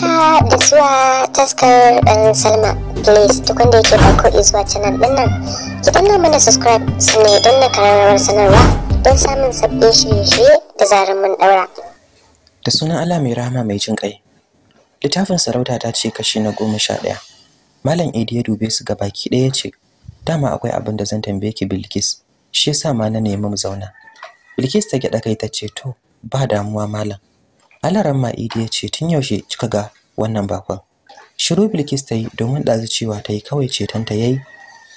haka ah, da zuwa taskar ɗan um, salma please duk wanda yake farko izuwa canal ɗin nan ki danna mana subscribe sannan don na kararrawar sanarwa don samun sabbin shirye-shirye da zarar mun ɗaura da sunan ala mai rahama mai jin kai littafin sarauta ta ce kashi na goma sha ɗaya malam idi ya dube su baki ɗaya ce dama akwai abin da zan tambaye ki bilkis shi yasa ma na nemi mu zauna bilkis ta gyaɗa kai ta ce to ba damuwa malam alaran Idi ya ce tun yaushe kika ga wannan bakon. Shiru Bilkis ta yi domin ɗazu cewa ta yi kawai cetonta ya yi.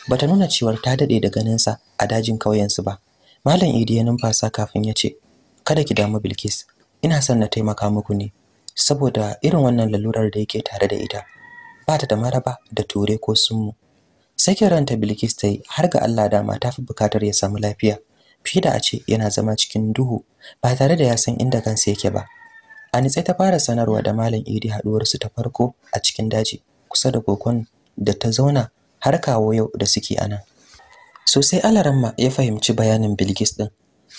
Ba ta nuna cewar ta daɗe da ganinsa a dajin ƙauyensu ba. Malam Idi ya numfasa kafin ya ce, Kada ki damu Bilkis, ina son na taimaka muku ne, saboda irin wannan lalurar da yake tare da ita. Ba ta da maraba da ture ko sunmu. Sakin ranta Bilkis ta yi har ga Allah dama ta fi bukatar ya samu lafiya. Fiye da a ce yana zama cikin duhu ba tare da ya san inda kansa yake ba. a nitse ta fara sanarwa da malam idi haduwarsu ta farko a cikin daji kusa da kokon da ta zauna har kawo yau da suke ana sosai alaramma ya fahimci bayanin bilgis din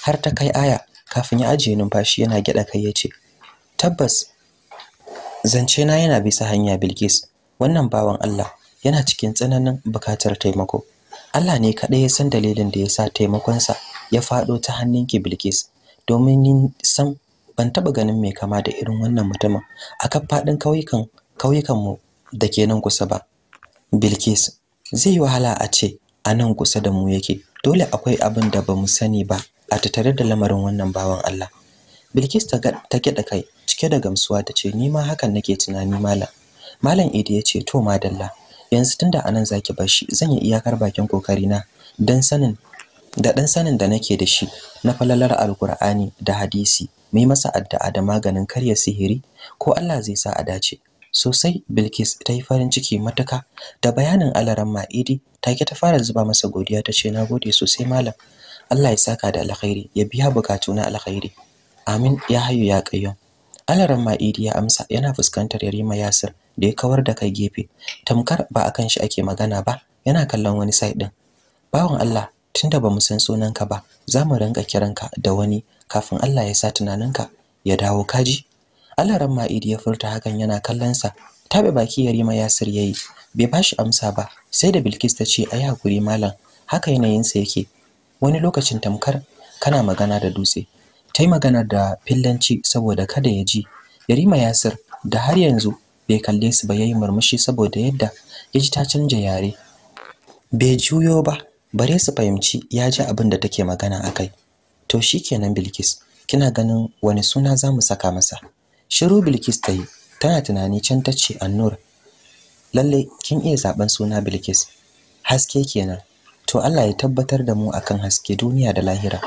har ta kai aya kafin ya ajiye numfashi yana gyada kai ya ce tabbas zance na yana bisa hanya bilgis wannan bawan allah yana cikin tsananin bukatar taimako allah ne kadai ya san dalilin da ya sa taimakonsa ya faɗo ta hannunki bilgis domin san ban taɓa ganin mai kama da irin wannan mutumin a kan faɗin kauyukan mu da ke nan kusa ba bilkis zai yi wahala a ce a nan kusa da mu yake dole akwai abin da bamu sani ba a tattare da lamarin wannan bawan allah bilkis ta gyaɗa kai cike da gamsuwa ta ce ni ma hakan nake tunani malam malam idi ya ce to madalla yanzu tunda a nan zaki bashi zan yi iyakar bakin na na sanin da ɗan sanin da nake da shi na falalar alkur'ani da hadisi mai masa addu'a da maganin karya sihiri ko Allah zai sa a dace sosai Bilkis ta yi farin ciki matuka da bayanin alaran ma'idi ke ta fara zuba masa godiya ta ce na gode sosai malam Allah ya saka da alkhairi ya biya bukatu na alkhairi amin ya hayu ya qayyum alaran ma'idi ya amsa yana fuskantar Yarima Yasir da ya kawar da kai gefe tamkar ba a kan shi ake magana ba yana kallon wani side din bawan Allah tunda bamu san sunanka ba za mu rinka kiranka da wani kafin Allah ya sa tunaninka ya dawo kaji Allah ran ma'idi ya furta hakan yana kallon sa tabe baki yarima Yasir yi. bai bashi amsa ba sai da Bilkis ta ce ai hakuri malam haka yanayinsa sa yake wani lokacin tamkar kana magana da dutse ta yi magana da fillanci saboda kada ya ji yarima Yasir da har yanzu bai kalle su ba yayi murmushi saboda yadda ya ji ta canja yare bai juyo ba bare su fahimci ya ji abin da take magana akai to shi kenan Bilkis kina ganin wani suna zamu saka masa shiru Bilkis ta yi tana tunani can ta ce Annur lalle kin iya zaben suna Bilkis haske kenan to Allah ya tabbatar da mu akan haske duniya da lahira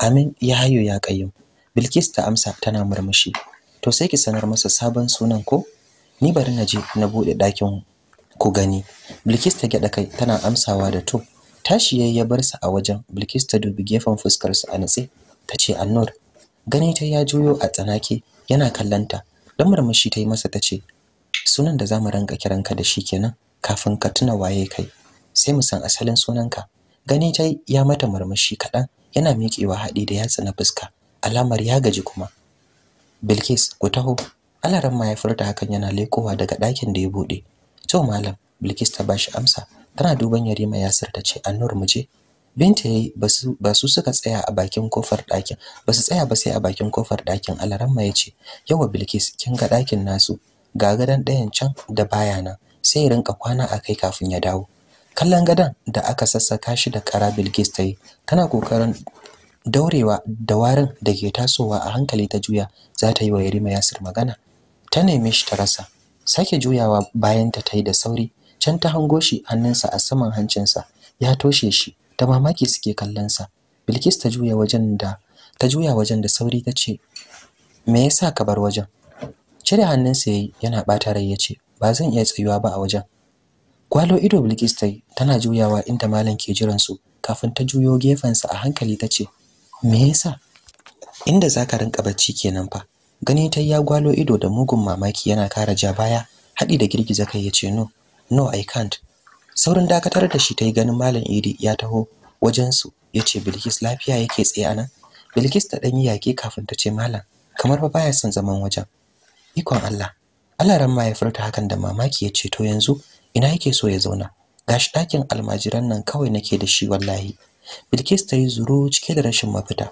amin ya hayo ya kayyum Bilkis ta amsa tana murmushi to sai ki sanar masa sabon sunan ko ni bari na je na bude ɗakin ku gani Bilkis ta gyada kai tana amsawa da to tashi yayi ya bar sa a wajen Bilkis ta dubi gefen fuskar sa a natse tace Annur gani ta ya juyo a tsanake yana kallanta dan murmushi ta yi masa tace sunan da zamu ranka kiranka da shi kenan kafin ka tuna waye kai sai mu san asalin sunanka gani tai ya mata murmushi kadan yana miƙewa haɗi da yatsa na fuska alamar ya gaji kuma Bilkis ku taho alaran mahaifar da hakan yana lekowa daga ɗakin da ya bude to malam Bilkis ta bashi amsa tana duban Yarima Yasir ta ce Annur mu je Binta yayi ba su suka tsaya a bakin kofar ɗakin ba su tsaya ba sai a bakin kofar ɗakin Alaramma ya ce yawa Bilkis kin ga ɗakin nasu ga gadon ɗayan can da baya nan sai ya rinka kwana a kai kafin ya dawo kallon gadon da aka sassaka shi da kara Bilkis ta yi tana kokarin daurewa da warin da ke tasowa a hankali ta juya za ta yi wa Yarima Yasir magana ta neme shi ta rasa sake juyawa bayan ta ta yi da sauri can ta hango shi hannunsa a saman hancinsa ya toshe shi da mamaki suke kallon sa Bilkis ta juya wajen da ta juya wajen da sauri ta ce me yasa ka bar wajen cire hannunsa yayi yana bata rai yace ba zan iya tsayuwa ba a wajen gwalo ido Bilkis ta yi tana juyawa inda malam ke jiran su kafin ta juyo gefensa a hankali ta ce me yasa inda zaka rinka bacci kenan fa gani ta ya gwalo ido da mugun mamaki yana kara ja baya haɗi da girgiza kai yace no no i can't saurin dakatar da shi ta yi ganin malam idi ya taho wajen su yace bilkis lafiya yake tsaye anan bilkis ta ɗan yi kafin ta ce malam kamar ba baya son zaman wajen ikon allah allah ran ma ya furta hakan da mamaki ya ce to yanzu ina yake so ya zauna gashi dakin almajiran nan kawai nake da shi wallahi bilkis ta yi zuru cike da rashin mafita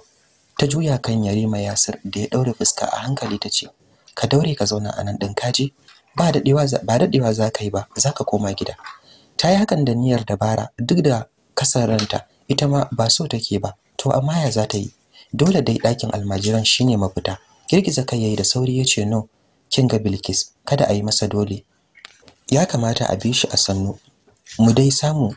ta juya kan yarima yasir da ya daure fuska a hankali ta ce ka daure ka zauna anan din ɗin kaji ba daɗewa ba daɗewa za ka yi ba za ka koma gida ta yi hakan da niyyar dabara duk da kasaranta ita ma ba so take ba to amma ya za ta yi dole dai ɗakin almajiran shine mafita girgiza kai yayi da sauri yace no kin ga bilkis kada a yi masa dole ya kamata a bi shi a sannu mu dai samu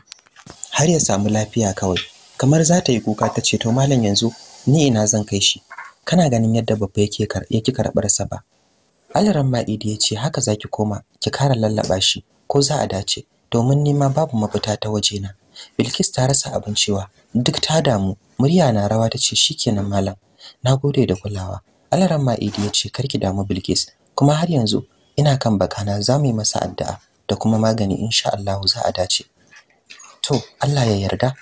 har ya samu lafiya kawai kamar za ta yi kuka ta ce to malam yanzu ni ina zan kai shi kana ganin yadda babba yake yake karɓar sa ba Alaran Maɗidi ya ce haka za ki koma ki kara lallaɓa shi ko za a dace domin nima babu mafita ta wajena. Bilkis ta rasa abin cewa duk ta damu murya na rawa ta ce shikenan malam na gode da kulawa. Alaran Maɗidi ya ce karki damu Bilkis kuma har yanzu ina kan bakana za mu yi masa addu'a da kuma magani insha Allah za a dace. To Allah ya yarda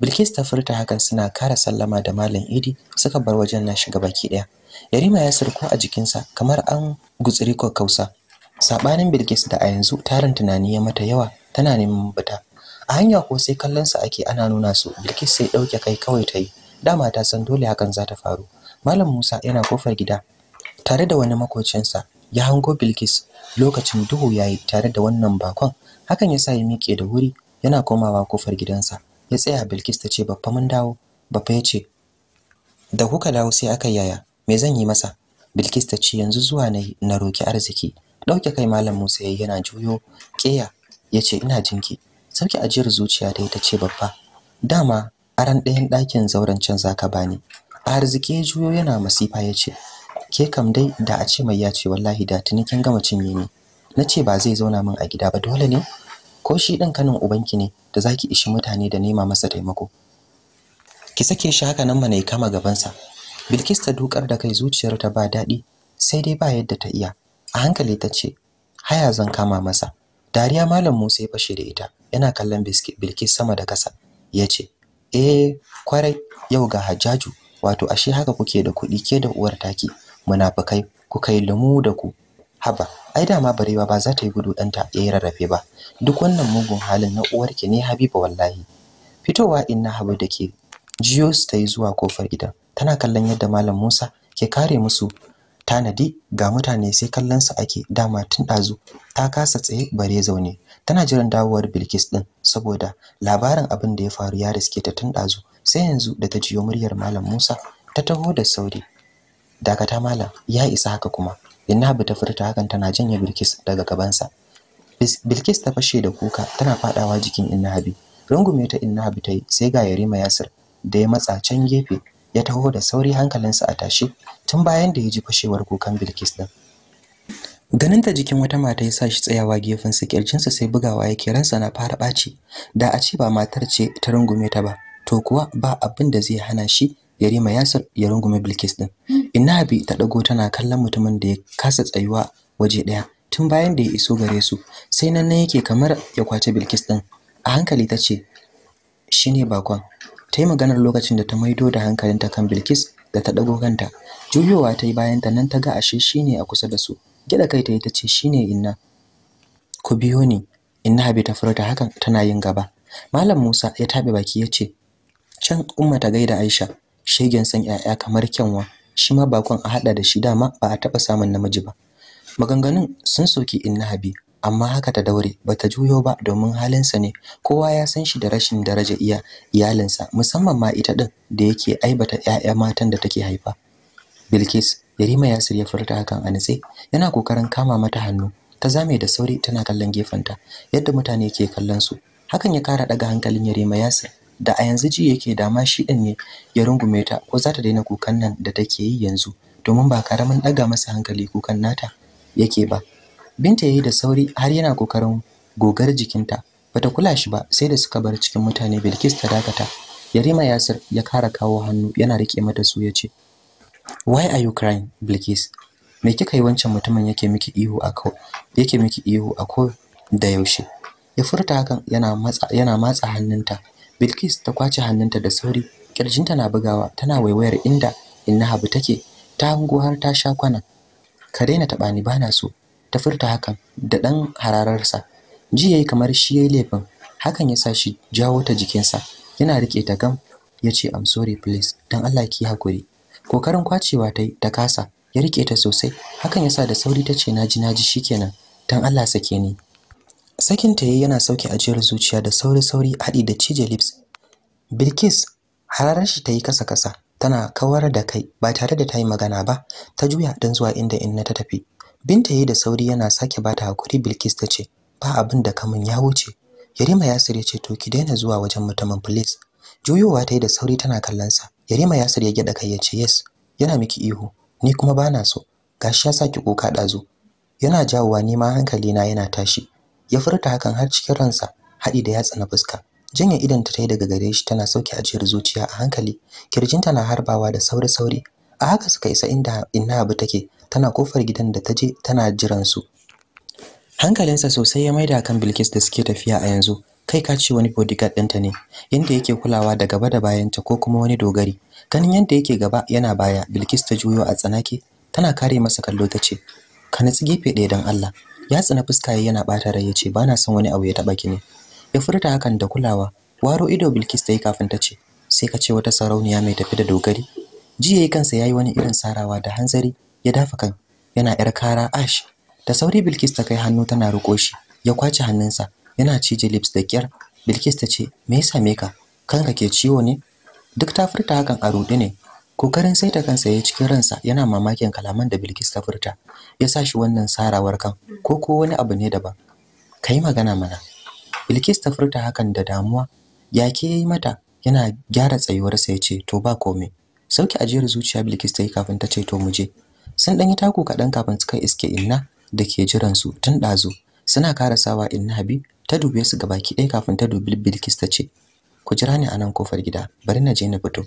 Bilkis ta furta hakan suna kara sallama da Malam Idi suka bar wajen na shiga baki ɗaya. Yarima ya sirko a jikinsa kamar an gutsiri kausa. Sabanin Bilkis da a yanzu tarin tunani ya mata yawa tana neman bata. A hanya ko sai kallon sa ake ana nuna su Bilkis sai ɗauke kai kawai ta yi. Dama ta san dole hakan za ta faru. Malam Musa yana kofar gida tare da wani makocinsa ya hango Bilkis lokacin duhu yayi tare da wannan bakon hakan ya sa ya miƙe da wuri yana komawa kofar gidansa ya tsaya Bilkis ta ce babba mun dawo babba ya ce da kuka dawo sai aka yaya me zan yi masa Bilkis ta ce yanzu zuwa na na roki arziki dauke kai malam Musa yayi yana juyo keya yace ina jinki sauki ajiyar zuciya dai ta ce babba dama aran ɗayan ɗakin zauren can zaka bani arziki ya juyo yana masifa yace ke kam dai da a ce mai ya wallahi da tuni kin gama cinye ni na ce ba zai zauna min a gida ba dole ne ko shi ɗin kanin ubanki ne da zaki ishi mutane da nema masa taimako ki sake shi haka nan mana ya kama gabansa Bilkis ta dukar da kai zuciyar ta ba daɗi sai dai ba yadda ta iya. A hankali ta ce, "Haya zan kama masa." Dariya Malam Musa ya fashe da ita, yana kallon Bilkis sama da kasa. Ya ce, "Eh, kwarai, yau ga Hajjaju, wato ashe haka kuke da kuɗi ke da uwar taki, munafukai, kuka yi lumu da ku." Haba, ai dama barewa ba za ta yi gudu ɗanta ya yi rarrafe ba. Duk wannan mugun halin na uwarki ne Habiba wallahi. Fitowa inna Habu da ke jiyo su ta yi zuwa kofar gidan. tana kallon yadda malam Musa ke kare musu tanadi ga mutane sai kallon su ake dama tun dazu ta kasa tsaye bare zaune tana jiran dawowar Bilkis din saboda labarin abin da ya faru ya riske ta tun dazu sai yanzu da ta jiyo muryar malam Musa ta taho da sauri dakata malam ya isa haka kuma Inna Habu ta furta hakan tana janye Bilkis daga gabansa Bilkis ta fashe da kuka tana fadawa jikin Innabi rungume ta Innabi ta yi sai ga Yarima Yasir da ya matsa can gefe ya taho da sauri hankalinsa a tashi tun bayan da ya ji fashewar kukan Bilkis din. Ganin ta jikin wata mata ya sa shi tsayawa gefen sa kirjinsa sai bugawa yake ransa na fara ɓaci da a ce ba matar ce ta rungume ta ba to kuwa ba abin da zai hana shi ya rima Yasir ya rungume Bilkis din. bi ta dago tana kallon mutumin da ya kasa tsayuwa waje ɗaya, tun bayan da ya iso gare su sai nan yake kamar ya kwace Bilkis din. A hankali ta ce shi ne bakon ta yi maganar lokacin da ta maido da hankalinta kan bilkis da ta ɗago kanta juyowa ta yi bayan ta nan ta ga ashe shine a kusa da su gida kai ta yi ta ce shine inna ku biyo ni inna habi ta furta hakan tana yin gaba malam musa ya taɓe baki ya ce can umma ta gaida aisha shegen san 'ya'ya kamar kyanwa shi ma bakon a haɗa da shi dama ba a taɓa samun namiji ba maganganun sun soki inna habi amma haka ta daure bata juyo ba domin halinsa ne kowa ya san shi da rashin daraja iya iyalinsa musamman ma ita din da yake aibata ƴaƴa matan da take haifa Bilkis Yarima Yasir ya furta hakan a nitse yana kokarin kama mata hannu ta zame da sauri tana kallon gefenta yadda mutane ke kallon su hakan ya kara daga hankalin Yarima Yasir da a yanzu ji yake dama shi din ne ya rungume ta ko za ta daina kukan nan da take yi yanzu domin ba karamin daga masa hankali kukan nata yake ba Binta ya yi da sauri har yana kokarin gogar jikinta. Bata kula shi ba sai da suka bar cikin mutane Bilkis ta dakata. Yarima Yasir ya kara kawo hannu yana rike mata su yace. ce, "Why are you crying, Bilkis? Me kika yi wancan mutumin yake miki ihu a ko yake miki ihu a ko da yaushe?" Ya furta hakan yana matsa yana matsa hannunta. Bilkis ta kwace hannunta da sauri, kirjinta na bugawa, tana waiwayar inda Inna Habu take, ta hango har ta sha kwana. "Ka daina taba ni bana so." ta furta hakan da ɗan harararsa ji yayi kamar shi ya yi laifin hakan ya sa shi jawo ta jikinsa yana rike ta gam ya ce I'm sorry please dan Allah ki hakuri kokarin kwacewa ta ta kasa ya rike ta sosai hakan ya sa da sauri ta ce naji naji shikenan dan Allah sake ni sakin ta yana sauke ajiyar zuciya da sauri sauri haɗi da cije lips Bilkis hararar shi ta yi kasa kasa tana kawar da kai ba tare da ta yi magana ba ta juya don zuwa inda inna ta tafi Binta yi da sauri yana sake bata hakuri Bilkis ta ce, "Ba abin da kamun ya wuce." Yarima Yasir ya ce, "To ki daina zuwa wajen mutumin police." Juyowa ta yi da sauri tana kallon sa. Yarima Yasir ya gyaɗa kai ya ce, "Yes, yana miki ihu, ni kuma bana so." Gashi ya saki koka ɗazu. Yana jawowa ni ma na yana tashi. Ya furta hakan har cikin ransa, haɗi da yatsa na fuska. Janya idan ta yi daga gare shi tana sauke ajiyar zuciya a hankali. Kirjinta na harbawa da sauri-sauri. A haka suka isa inda Inna Abu take, tana kofar gidan da ta je tana jiran su hankalinsa sosai ya maida kan Bilkis da suke tafiya a yanzu kai ka ce wani bodyguard ɗinta ne yanda yake kulawa da gaba da bayanta ko kuma wani dogari ganin yanda yake gaba yana baya Bilkis ta juyo a tsanake tana kare masa kallo ta ce ka natsi gefe ɗaya don Allah ya tsina fuska yana ɓata rai ya ce ba na son wani abu ya taɓa ki ne ya furta hakan da kulawa waro ido Bilkis ta yi kafin ta ce sai ka ce wata sarauniya mai tafi da dogari jiya kansa yi wani irin sarawa da hanzari ya dafa kan yana yar kara ash da sauri Bilkis ta kai hannu tana riko shi ya kwace hannunsa yana cije lips da kyar Bilkis ta ce me ya same ka kanka ke ciwo ne duk ta furta hakan a ruɗe ne kokarin ta kansa ya cikin ransa yana mamakin kalaman da Bilkis ta furta ya sa shi wannan sarawar kan ko ko wani abu ne daban kai magana mana Bilkis ta furta hakan da damuwa ya ke yi mata yana gyara tsayuwarsa ya ce to ba komai sauki ajiyar zuciya Bilkis ta yi kafin ta ce to mu je sun yi taku kaɗan kafin suka iske inna da ke jiran su tun ɗazu suna karasawa inna habib ta dube su gabaki ɗaya kafin ta dubi bilkis ta ce ku jira ni a nan kofar gida bari na je na fito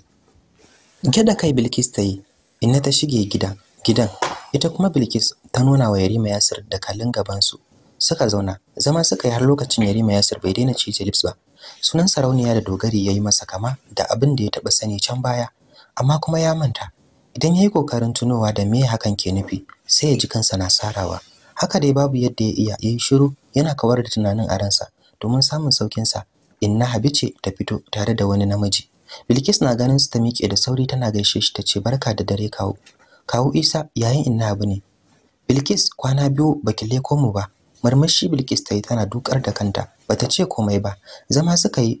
Gida kai bilkis ta yi inna ta shige gida gidan ita kuma bilkis ta nuna wa yarima yasir da kallon gabansu suka zauna zama suka yi har lokacin yarima yasir bai daina cije lips ba sunan sarauniya da dogari ya yi masa kama da abin da ya taɓa sani can baya amma kuma ya manta idan ya yi kokarin tunowa da me hakan ke nufi sai ya ji kansa na sarawa haka dai babu yadda ya iya ya yi shiru yana kawar da tunanin a ransa domin samun saukin sa inna ce ta fito tare da wani namiji bilkis na ganin su ta miƙe da sauri tana gaishe shi ta ce barka da dare kawo kawo isa yayin inna abu ne bilkis kwana biyu baki leko mu ba Marmashi bilkis ta yi tana dukar da kanta ba ta ce komai ba zama suka yi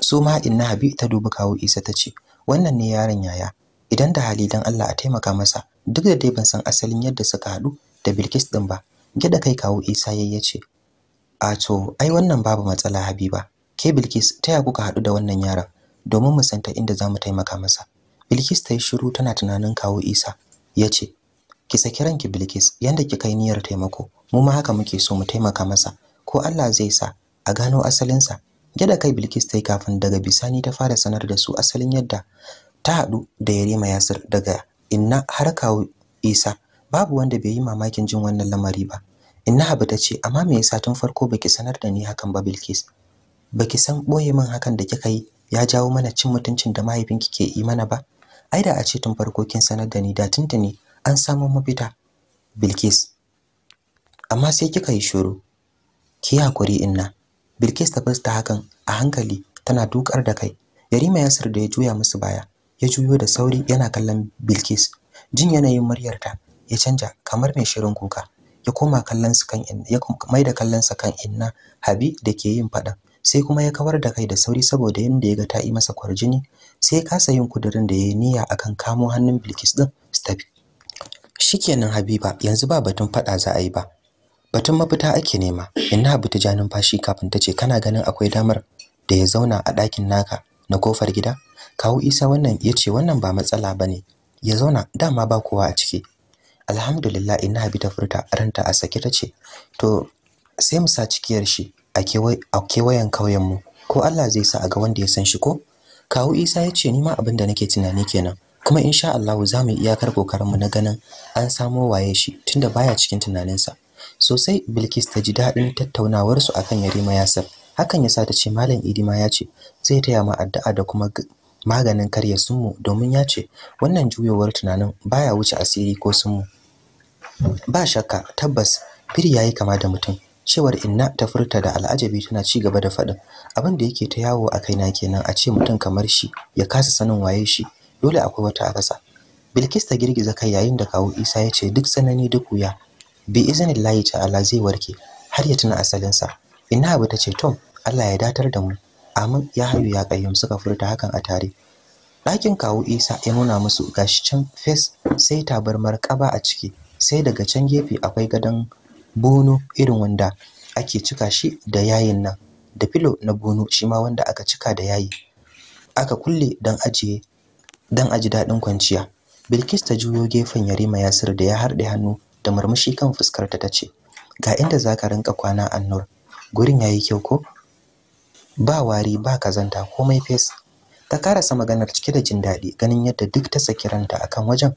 su ma inna habi ta dubi kawo isa ta ce wannan ne yaron yaya idan da hali dan Allah a taimaka masa duk da dai ban san asalin yadda suka haɗu da Bilkis din ba gida kai kawo Isa yayi ce a to ai wannan babu matsala Habiba ke Bilkis ya kuka haɗu da wannan yaran? domin mu san ta inda zamu taimaka masa Bilkis ta yi shiru tana tunanin kawo Isa yace ki saki ranki Bilkis yanda ki kai niyyar taimako mu ma haka muke so mu taimaka masa ko Allah zai sa a gano asalinsa gida kai Bilkis ta yi kafin daga bisani ta fara sanar da su asalin yadda ta haɗu da Yarima Yasir daga Inna har kawo Isa babu wanda bai yi mamakin jin wannan lamari ba Inna Habu ta ce amma me yasa tun farko baki sanar da ni hakan ba Bilkis baki san boye min hakan da kika yi ya jawo mana cin mutuncin da mahaifinki ke yi mana ba ai da a ce tun farko kin sanar da ni da tuntuni an samu mafita Bilkis amma sai kika yi shuru. ki hakuri Inna Bilkis ta fasta hakan a hankali tana dukar da kai Yarima Yasir da ya juya musu baya ya juyo da sauri yana kallon Bilkis. Jin yanayin muryarta ya canja kamar mai shirin kuka. Ya koma kallon su kan ya mai da kallon sa kan Inna Habi da ke yin faɗan. Sai kuma ya kawar da kai da sauri saboda yanda ya ga ta yi masa kwarjini, sai ya kasa yin kudirin da ya yi niyya akan kamo hannun Bilkis din su tafi. Shikenan Habiba, yanzu ba batun faɗa za a yi ba. Batun mafita ake nema. Inna Habi ta ja numfashi kafin ta ce kana ganin akwai damar da ya zauna a ɗakin naka na kofar gida? kawo isa wannan ya ce wannan ba matsala ba ne ya zauna dama ba kowa a ciki alhamdulillah ina bi ta furta ranta a sake ta ce to sai mu sa cikiyar shi a kewayen kauyen mu ko Allah zai sa a ga wanda ya san shi ko kawo isa ya ce ni ma abin da nake tunani kenan kuma insha Allah za mu iyakar kokarinmu na ganin an samo waye shi tunda baya cikin tunaninsa sosai Bilkis ta ji daɗin tattaunawarsu akan Yarima Yasir hakan ya sa ta ce Malam Idima ya ce zai taya ma addu'a da kuma maganin karya sunmu domin ya ce wannan juyowar tunanin baya wuce asiri ko sunmu ba shakka tabbas firi yi kama da mutum cewar inna ta furta da al'ajabi tana ci gaba da faɗin abin da yake ta yawo a kaina kenan a ce mutum kamar shi ya kasa sanin waye shi dole akwai wata akasa bilkis ta girgiza kai yayin da kawo isa ya ce duk tsanani duk wuya bi izinin layi ta'ala zai warke har ya tuna asalinsa inna abu ta ce tom allah ya datar da mu Amin ya hayu ya kayyum suka furta hakan a tare ɗakin kawo Isa ya nuna musu gashi can fes sai tabarmar kaba a ciki sai daga can gefe akwai gadon bono irin wanda ake cika shi da yayin nan da filo na bono shi ma wanda aka cika da yayi aka kulle don ajiye don aji daɗin kwanciya bilkis ta juyo gefen yarima yasir da ya harɗe hannu da murmushi kan fuskarta ta ce ga inda za ka rinka kwana annur gurin yayi kyau ko ba wari ba kazanta komai fes ta karasa maganar cike da jin daɗi ganin yadda duk ta saki ranta akan wajen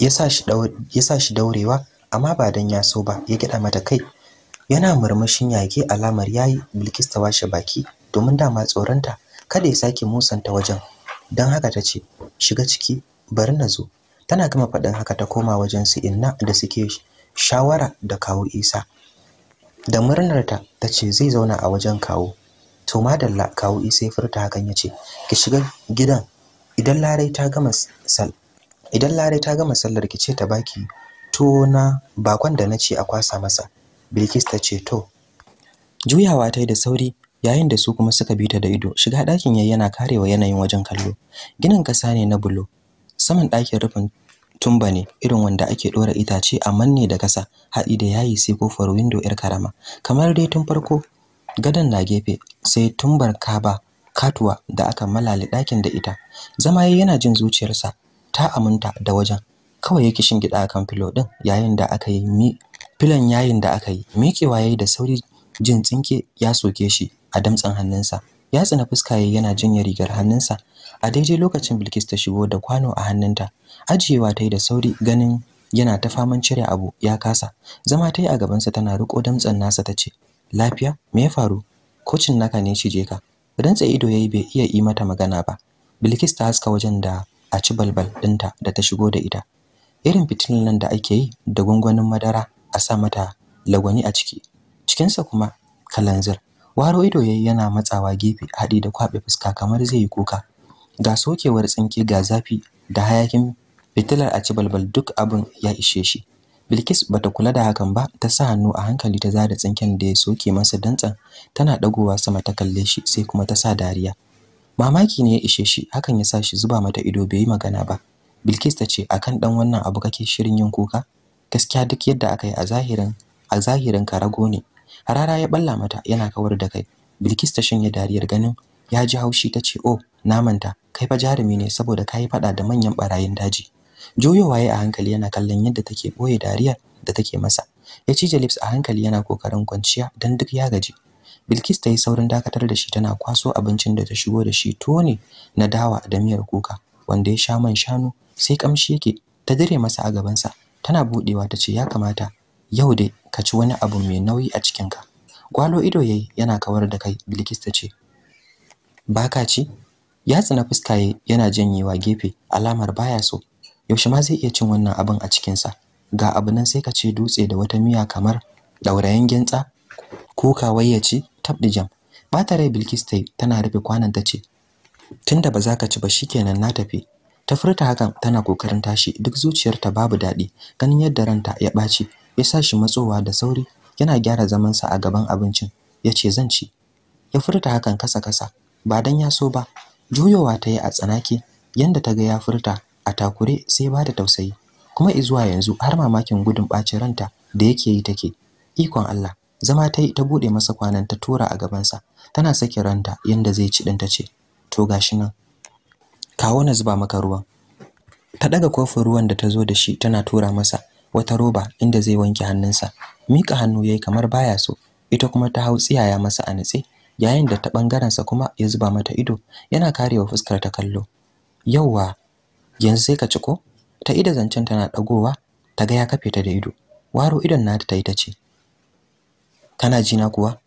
ya sa shi daurewa amma ba dan ya so ba ya gida mata kai yana murmushin yake alamar yayi Bilkis ta washe baki domin dama tsoronta kada ya sake musanta wajen don haka ta ce shiga ciki bari na zo tana gama faɗin haka ta koma wajen su inna da suke shawara da kawo Isa da murnarta ta ce zai zauna a wajen kawo to madalla kawo isa furta hakan ya ce ki shiga gidan idan larai ta gama sal idan larai ta gama sallar ki ce ta baki to na bakon da na ce a kwasa masa bilkis ta ce to juyawa ta yi da sauri yayin da su kuma suka bi ta da ido shiga ɗakin yayi yana karewa yanayin wajen kallo ginin ƙasa ne na bulo saman ɗakin rufin tumba ne irin wanda ake ɗora itace a manne da ƙasa haɗi da yayi sai kofar windo 'yar karama kamar dai tun farko gadon na gefe sai tumbar kaba katuwa da aka malali ɗakin da ita zama yana jin zuciyarsa ta aminta da wajen kawai yake shingida akan filo din yayin da aka yi mi filan yayin da aka yi miƙewa yayi da sauri jin tsinke ya soke shi a damtsan hannunsa ya tsina fuska yayi yana jinya rigar hannunsa a daidai lokacin Bilkis ta shigo da kwano a hannunta ajiyewa ta yi da sauri ganin yana ta faman cire abu ya kasa zama ta yi a gabansa tana riko damtsan nasa ta ce lafiya me ya faru kocin naka ne cije ka rantsa ido yayi bai iya yi mata magana ba bilkis ta haska wajen da a ci balbal dinta da ta shigo da ita irin fitinin nan da ake yi da gwangwanin madara a sa mata lagwani a ciki cikinsa kuma kalanzir waro ido yayi yana matsawa gefe haɗi da kwaɓe fuska kamar zai yi kuka ga sokewar tsinke ga zafi da hayakin fitilar a ci balbal duk abin ya ishe shi Bilkis bata kula da hakan ba, ta sa hannu a hankali ta zada tsinken da ya soke masa dantsan, tana dagowa sama ta kalle shi sai kuma ta sa dariya. Mamaki ne ya ishe shi, hakan ya sa shi zuba mata ido bai yi magana ba. Bilkis ta ce, "Akan dan wannan abu kake shirin yin kuka?" Gaskiya duk yadda aka yi a zahirin, a zahirin karago ne. Harara ya balla mata yana kawar da kai. Bilkis ta shanye dariyar ganin ya ji haushi ta ce, "Oh, namanta manta, kai fa jarumi ne saboda ka yi fada da manyan barayin daji." Juyowa a hankali yana kallon yadda take boye dariyar da take masa. Ya ci Jalips a hankali yana kokarin kwanciya dan duk ya gaji. Bilkis ta yi saurin dakatar da shi tana kwaso abincin da ta shigo da shi tone na dawa da miyar kuka wanda ya sha man shanu sai kamshi yake ta dire masa a gabansa tana budewa ta ce ya kamata yau dai ka ci wani abu mai nauyi a cikinka. Gwalo ido yayi yana kawar da kai Bilkis ta ce baka ci ya tsina fuska yana janyewa gefe alamar baya so yaushe ma zai iya cin wannan abin a cikinsa ga abu nan sai ka ce dutse da wata miya kamar ɗaurayen gyantsa ko kawai ce tab jam ba rai bilkis ta tana rufe kwanan ta ce tunda ba za ka ci ba shikenan na tafi ta furta hakan tana kokarin tashi duk zuciyarta babu daɗi ganin yadda ranta ya ɓaci ya sa shi matsowa da sauri yana gyara zamansa a gaban abincin ya ce zan ci ya furta hakan kasa kasa ba dan ya so ba juyowa ta yi a tsanake yanda ta ga ya furta a takure sai bada tausayi kuma izuwa yanzu har mamakin gudun bacin ranta da yake yi take ikon Allah zama ta yi ta bude masa kwanan ta tura a gabansa tana sake ranta yanda zai ci din ce. to gashi nan kawo na zuba maka ruwan ta daga kofin ruwan da ta zo da shi tana tura masa wata roba inda zai wanke hannunsa mika hannu yayi kamar baya so ita kuma ta hau tsiyaya masa a nitse yayin da ta bangaren sa kuma ya zuba mata ido yana karewa fuskar ta kallo yauwa yanzu sai ka ci ko ta ida zancen tana dagowa ta ga ya kafe ta da ido waro idon nata tayi tace kana jina kuwa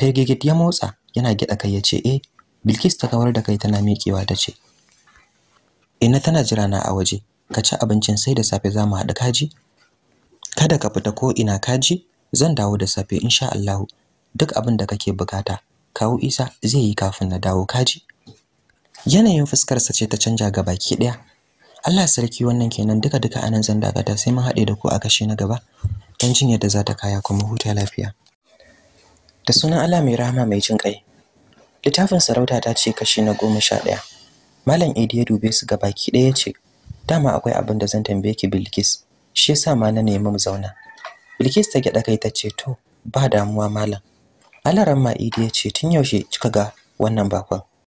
Fergigit ya motsa yana gida kai yace eh Bilkis ta kawar da kai tana miƙewa ce. ina tana jira na a waje ka ci abincin sai da safe za mu haɗu kaji kada ka fita ko ina kaji zan dawo da safe insha Allah duk abin da kake bukata kawo Isa zai yi kafin na dawo kaji yanayin fuskar sa ce ta canja ga baki daya Allah sarki wannan kenan duka duka anan zan ta sai mun haɗe da ku a kashe na gaba don jin yadda za ta kaya kuma huta lafiya da sunan Allah mai rahama mai jin kai littafin sarauta ta ce kashi na goma sha ɗaya malam idi ya dube su ki ɗaya ce dama akwai abin da zan tambaye ki bilkis shi yasa ma na nemi mu zauna bilkis ta gyaɗa kai ta ce to ba damuwa malam alaran ma idi ya ce tun yaushe kika ga wannan bakon